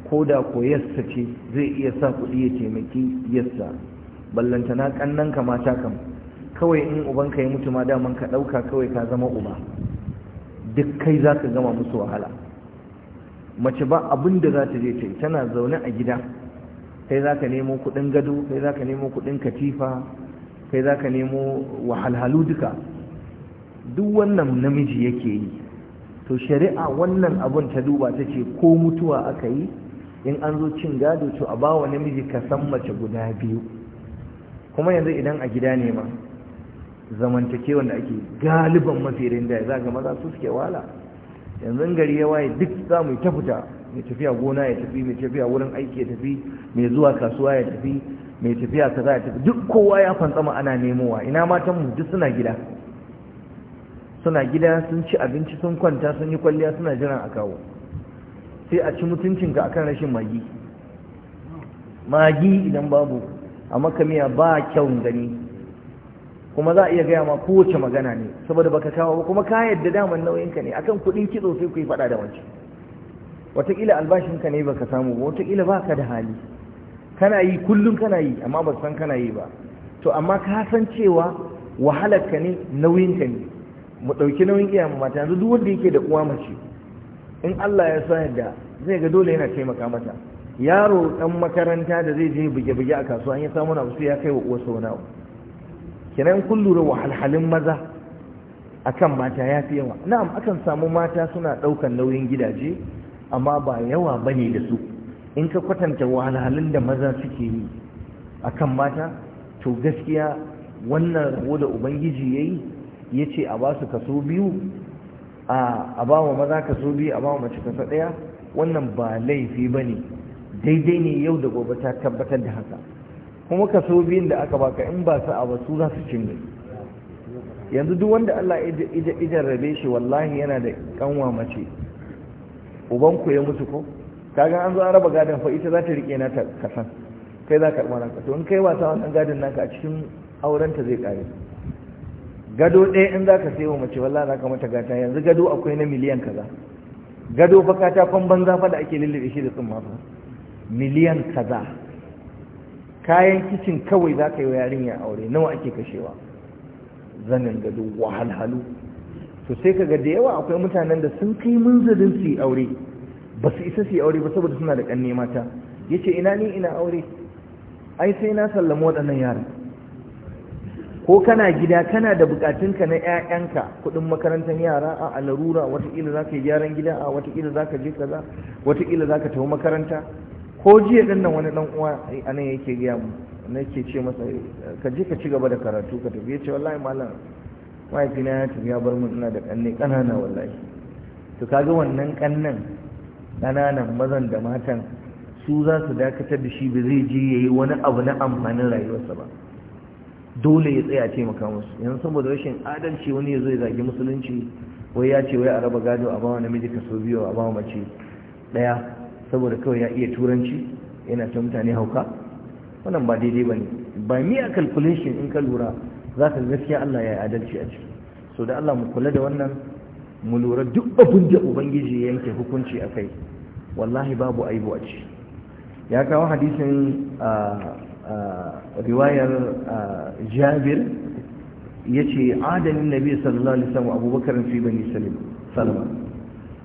ko da ko yassa ce zai iya sa kuɗi ya taimaki yassa ballantana kannan ka mata kam kawai in ubanka ya mutu ma daman ka ɗauka kawai ka zama uba duk kai za ka gama musu wahala mace ba abin da za ta je ta yi tana zaune a gida kai za ka nemo kuɗin gado kai za ka nemo kuɗin katifa kai za ka nemo wahalhalu duka duk wannan namiji yake yi to shari'a wannan abun ta duba ta ce ko mutuwa aka yi in an zo cin gado to a ba wa namiji ka san mace guda biyu kuma yanzu idan a gida ne ma zamantakewan da ake galiban mafi da za ga maza su suke wala yanzu gari ya waye duk za mu ta fita mai tafiya gona ya tafi mai tafiya wurin aiki ya tafi mai zuwa kasuwa ya tafi mai tafiya kaza ya tafi duk kowa ya fantsama ana nemowa ina matan mu duk suna gida suna gida sun ci abinci sun kwanta sun yi kwalliya suna jiran a kawo sai a ci mutuncinka akan rashin magi magi idan babu a makamiya ba kyau gani kuma za a iya gaya ma kowace magana ne saboda baka kawo ba kuma ka yadda daman nauyinka ne akan kuɗin kitso sai ku yi faɗa da wancan wataƙila albashinka ne baka samu ba wataƙila baka da hali kana yi kullum kana yi amma ba san kana yi ba to amma ka san cewa wahalarka ne nauyinka ne mu ɗauki nauyin iyayen mata yanzu duk wanda yake da uwa mace in Allah ya sa yadda zai ga dole yana taimaka mata yaro ɗan makaranta da zai je buge-buge a kasuwa an ya samu na ya kai wa uwarsa wani abu kenan kun lura wahalhalin maza akan mata ya fi yawa na'am akan samu mata suna ɗaukan nauyin gidaje amma ba yawa bane da su in ka kwatanta wahalhalun da maza suke yi akan mata to gaskiya wannan rabo da ubangiji ya yi ya ce a ba su kaso biyu a ba wa maza kaso biyu a ba wa mace kaso ɗaya wannan ba laifi ba ne daidai ne yau da gobe ta tabbatar da haka kuma kaso biyun da aka baka in ba su a su za su cin gani yanzu duk wanda Allah idan rabe shi wallahi yana da kanwa mace uban ku ya mutu ko kaga an zo an raba gadon fa ita za ta rike na ta kasan kai za ka karɓa ranka to in kai wasa wannan gadon naka a cikin aurenta zai ƙare. gado ɗaya in za ka sayo mace wallah za ka mata gata yanzu gado akwai na miliyan kaza gado fa katakon banza fa da ake lullube shi da tsumma fa miliyan kaza kayan kicin kawai za ka yi wa yarinya aure nawa ake kashewa zanin gado wahalhalu to sai ka ga da yawa akwai mutanen da sun kai munzalin su yi aure ba su isa su yi aure ba saboda suna da ƙanne mata ya ce ina ni ina aure ai sai na sallama waɗannan yaran ko kana gida kana da bukatunka na 'ya'yanka kudin makarantar yara a alarura watakila za ka yi gyaran gida a watakila za ka je kaza watakila za ka tafi makaranta ko jiya ɗin nan wani uwa a nan yake gaya mu na ke ce masa ka je ka ci gaba da karatu ka tafi ya ce wallahi malam mahaifina ya tafi ya bar mun ina da kanne ƙanana wallahi to kaga wannan ƙannan ƙananan mazan da matan su za su dakatar da shi ba zai je ya yi wani abu na amfanin rayuwarsa ba dole ya tsaya ce musu yanzu saboda rashin adalci wani ya zo ya zagi musulunci wai ya ce wai a raba gado a bawa namiji so biyu a bawa mace daya saboda kawai ya iya turanci yana ta mutane hauka wannan ba daidai ba ne ba mi a calculation in ka lura za ka gaskiya Allah ya yi adalci a ciki so da Allah mu kula da wannan mu lura duk abin da ubangiji ya yanke hukunci a kai wallahi babu aibu a ciki ya kawo hadisin ah, riwayar jabir ya ce adalin nabi sallallahu alaihi wasallam abubakar fi bani salim salama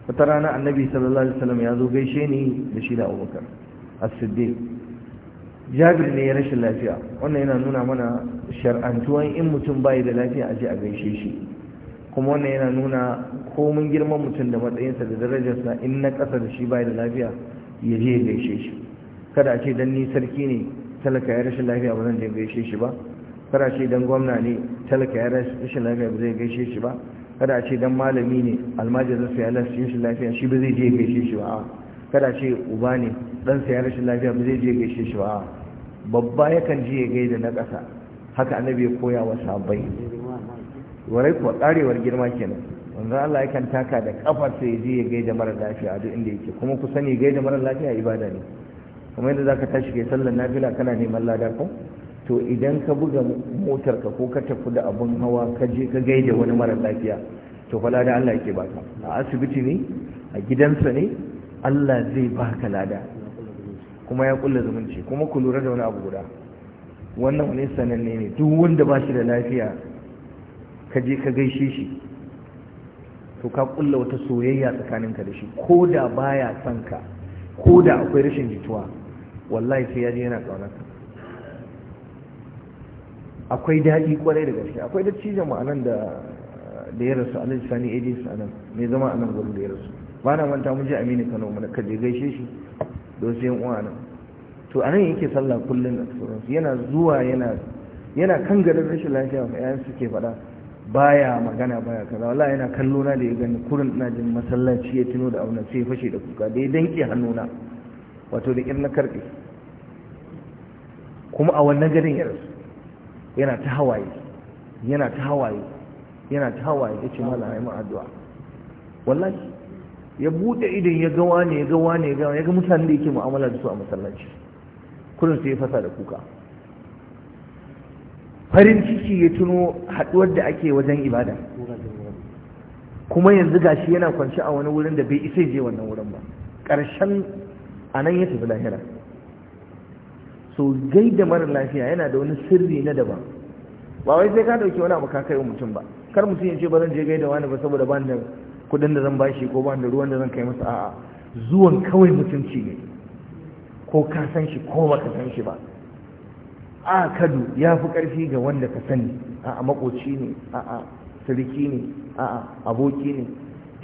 wata rana annabi sallallahu alaihi wasallam ya zo gaishe ni da shi da abubakar as jabir ne ya rashin lafiya wannan yana nuna mana shar'antuwan in mutum bai da lafiya aje a gaishe shi kuma wannan yana nuna komin girman mutum da matsayinsa da darajarsa in na ƙasa da shi bai da lafiya ya je ya gaishe shi kada a ce dan ni sarki ne talaka ya rashin lafiya ba zan je gaishe shi ba kada ce dan gwamna ne talaka ya rashin lafiya ba zai gaishe shi ba kada ce dan malami ne almajirin sa ya rashin lafiya shi ba zai je gaishe shi ba kada ce uba ne dan sa ya rashin lafiya ba zai je gaishe shi ba babba yakan je ya gaida na ƙasa haka annabi ya koya wa sahabbai warai ko karewar girma kenan wanda Allah yakan taka da kafar sai ya je ya gaida mara lafiya a duk inda yake kuma ku sani gaida mara lafiya ibada ne kuma yadda zaka tashi kai sallar nafila kana neman lada ko to idan ka buga motar ka ko ka tafi da abun hawa ka je ka gaida wani mara lafiya to fa lada Allah yake baka a asibiti ne a gidansa ne Allah zai baka lada kuma ya kulla zumunci kuma ku lura da wani abu guda wannan wani sananne ne duk wanda ba shi da lafiya ka je ka gaishe shi to ka kulla wata soyayya tsakaninka da shi ko da baya son ka ko da akwai rashin jituwa wallahi sai ya je yana ƙaunarka akwai daɗi kwarai da gaske akwai da mu ma'anan da da ya rasu alin sani edis anan mai zama anan gudun da ya rasu ba na manta mun je aminu kano mana ka je gaishe shi da wasu yan uwa nan to anan yake sallah kullum a sauransu yana zuwa yana yana kan garin rashin lafiya ma su ke faɗa baya magana baya kaza wallahi yana kallona da ya gani kurin ina jin masallaci ya tuno da auna sai ya fashe da kuka da ya danke hannuna wato da na karɓe kuma a wannan gari ya rasu yana ta hawaye yana ta hawaye yana ta hawaye ya ce mala haimu addu'a wallahi ya buɗe idan ya gawa ne ya gawa ne ya gawa ya ga mutane da yake mu'amala da su a masallaci kullum sai ya fasa da kuka farin ciki ya tuno haɗuwar da ake wajen ibada kuma yanzu gashi yana kwanci a wani wurin da bai isa je wannan wurin ba ƙarshen a nan ya tafi lahira so da marar lafiya yana da wani sirri na daban ba wai sai ka dauki wani abu ka kai mutum ba kar mutum ya ce ba zan je gai da wani ba saboda ban da kudin da zan bashi ko ban da ruwan da zan kai masa a'a zuwan kawai mutunci ne ko ka san shi ko ba ka san shi ba a kadu ya fi ƙarfi ga wanda ka sani A'a, makoci ne a sarki ne A'a, aboki ne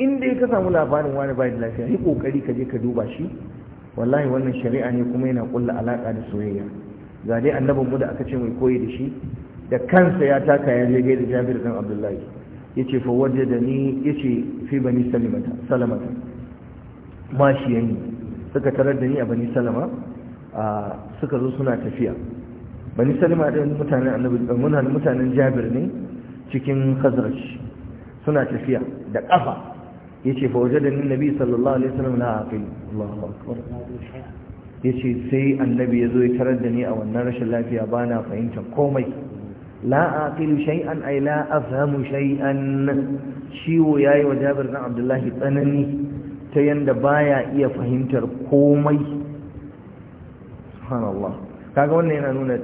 in dai ka samu labarin wani bayan da lafiya yi kokari ka je ka duba shi wallahi wannan shari'a ne kuma yana kulla alaka da soyayya ga dai annabin mu da aka ce mai koyi da shi da kansa ya taka ya je da Jabir dan Abdullahi yace fa wajadani yace fi bani salimata salamata mashiyani suka tarar da ni a bani salama a suka zo suna tafiya bani salama da mutanen annabi mutanen mutanen Jabir ne cikin Khazraj suna tafiya da kafa yace fa wajadani annabi sallallahu alaihi wasallam la aqil Allahu akbar yace sai annabi yazo ya tarar da ni a wannan rashin lafiya bana fahimtar komai la aqilu shay'an ay la afhamu shay'an ciwo yayi wa Jabir bin Abdullah tsanani ta yanda baya iya fahimtar komai subhanallah kaga wannan yana nuna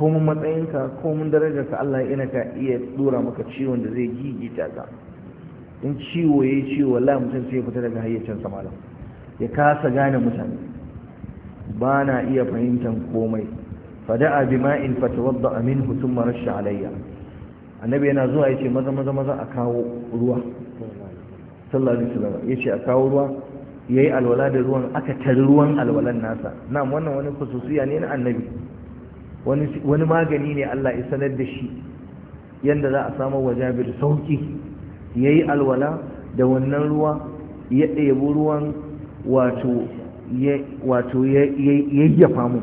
komun matsayinka komun darajarka Allah yana ka iya dora maka ciwon da zai gigita ka in ciwo ya yi ciwo wallahi mutum sai ya fita daga hayyacin malam ya kasa gane mutane ba na iya fahimtar komai fada'a fata wadda amin hutun rasha alayya annabi yana zuwa yace maza maza maza a kawo ruwa sallallahu alaihi wasallam ce a kawo ruwa yayi alwala da ruwan aka tari ruwan alwalan nasa na'am wannan wani kususiya ne na annabi wani wani magani ne Allah ya sanar da shi yanda za a samu wajabir sauki ya yi alwala da wannan ruwa ya ɗebi ruwan wato ya yayyafa mu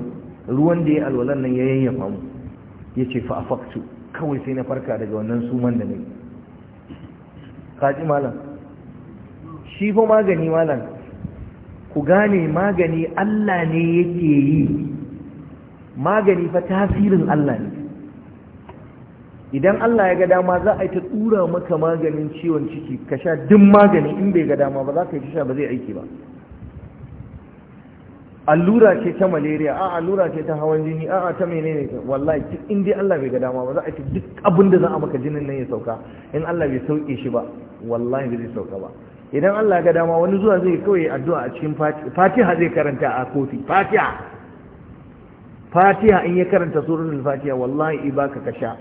ruwan da ya yi alwalan nan ya yayyafa mu ya ce fa'afaktu kawai sai na farka daga wannan suman da yi. kaji malam shi fa magani malam ku gane magani Allah ne yake yi magani fa tasirin Allah ne idan Allah ya ga dama za a yi ta tura maka maganin ciwon ciki ka sha duk magani in bai ga dama ba za ka yi sha ba zai aiki ba allura ce ta malaria a allura ce ta hawan jini a ta menene wallahi in dai Allah bai ga dama ba za a yi duk abin da za a maka jinin nan ya sauka in Allah bai sauke shi ba wallahi bai zai sauka ba idan Allah ya ga dama wani zuwa zai kawai addu'a a cikin fatiha zai karanta a kofi fatiha fatiha in ya karanta suratul fatiha wallahi ibaka ka sha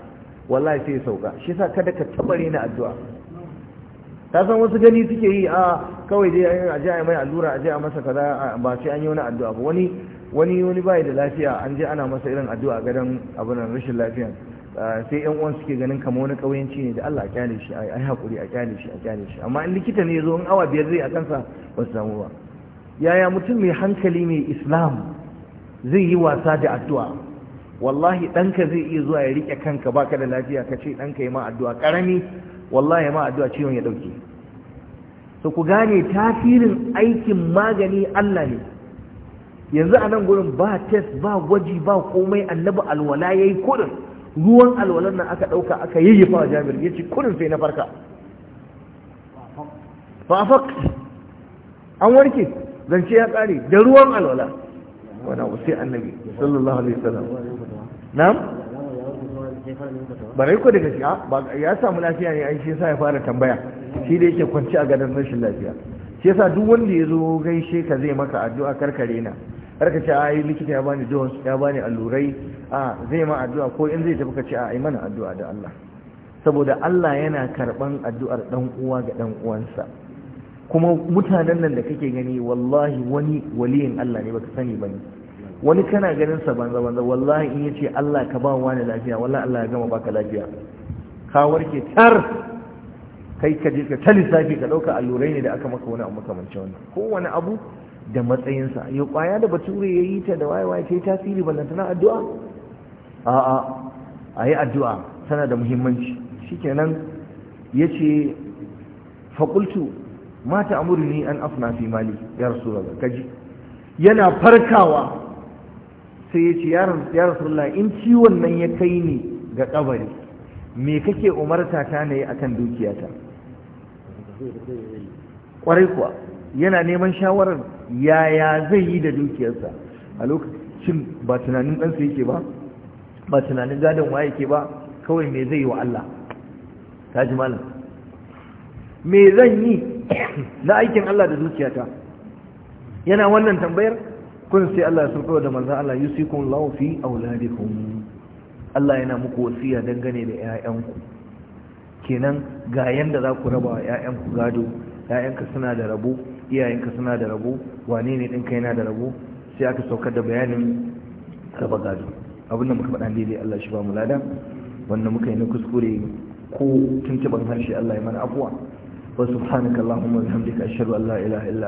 wallahi sai ya sauka shi sa kada ka tabare rena addu'a ta san wasu gani suke yi a ah, kawai dai a aje a mai allura a a masa kaza ba sai an yi wani addu'a ba wani wani wani bai da lafiya an je ana masa irin addu'a gadon nan rashin lafiya ah, sai yan uwan suke ganin kamar wani kauyanci ne da Allah a kyale shi ai hakuri a kyale shi a kyale shi amma in likita ne yazo in awa biyar zai a kansa ba su samu ba yaya mutum mai hankali mai islam zai yi wasa da addu'a wallahi ɗanka zai iya zuwa ya riƙe kanka ba ka da lafiya ka ce ɗanka ya ma addu'a ƙarami wallahi ma addu'a ciwon ya ɗauke so ku gane tasirin aikin magani Allah ne yanzu a nan gudun ba test ba gwaji ba komai annabi alwala ya yi kurin ruwan alwalan nan aka ɗauka aka yayyafa wa jami'ar ya ce kurin sai na farka ba an warke zance ya ƙare da ruwan alwala wani sai annabi sallallahu alaihi wasallam nam barai ko daga shi'a ya samu lafiya ne ai shi yasa ya fara tambaya shi da yake kwanci a gadon rashin lafiya shi yasa duk wanda ya zo gaishe ka zai maka addu'a karkare na karka ce ai likita ya bani jones ya bani allurai a zai ma addu'a ko in zai tafi ka ce a ai mana addu'a da Allah saboda Allah yana karban addu'ar dan uwa ga dan uwansa kuma mutanen nan da kake gani wallahi wani waliyin Allah ne baka sani bane wani kana ganin sa banza banza wallahi in yace Allah ka ba wani lafiya wallahi Allah ya gama baka lafiya ka warke tar kai ka je ka ta lissafi ka dauka allurai ne da aka maka wani abu makamancin wannan kowane abu da matsayinsa ya kwaya da bature ya yi ta da waye ta yi tasiri tana addu'a a'a a yi addu'a tana da muhimmanci shikenan ya ce faƙultu mata ni an afna fi mali ya rasulullah kaji yana farkawa sai ya ce ya rasulullah in ciwon nan ya kai ni ga kabari me kake umarta ta ne akan dukiyata kwarai kuwa yana neman shawarar yaya zai yi da dukiyarsa a lokacin ba tunanin ɗansa yake ba ba tunanin gadon waye yake ba kawai me zai yi wa Allah ta ji malam me zan yi na aikin Allah da dukiyata yana wannan tambayar kun sai Allah ya sauko da manzon Allah yusikum Allahu fi auladikum Allah yana muku wasiya dangane da ƴaƴanku kenan ga yanda za ku raba 'ya'yanku gado ƴaƴanka suna da rabo iyayenka suna da rabo wane ne kai yana da rabo sai aka saukar da bayanin raba gado abin da muka faɗa daidai Allah shi ba mu lada wannan muka yi na kuskure ko tuntuban harshe Allah ya mana abuwa? wa subhanaka allahumma wa bihamdika ashhadu an la ilaha illa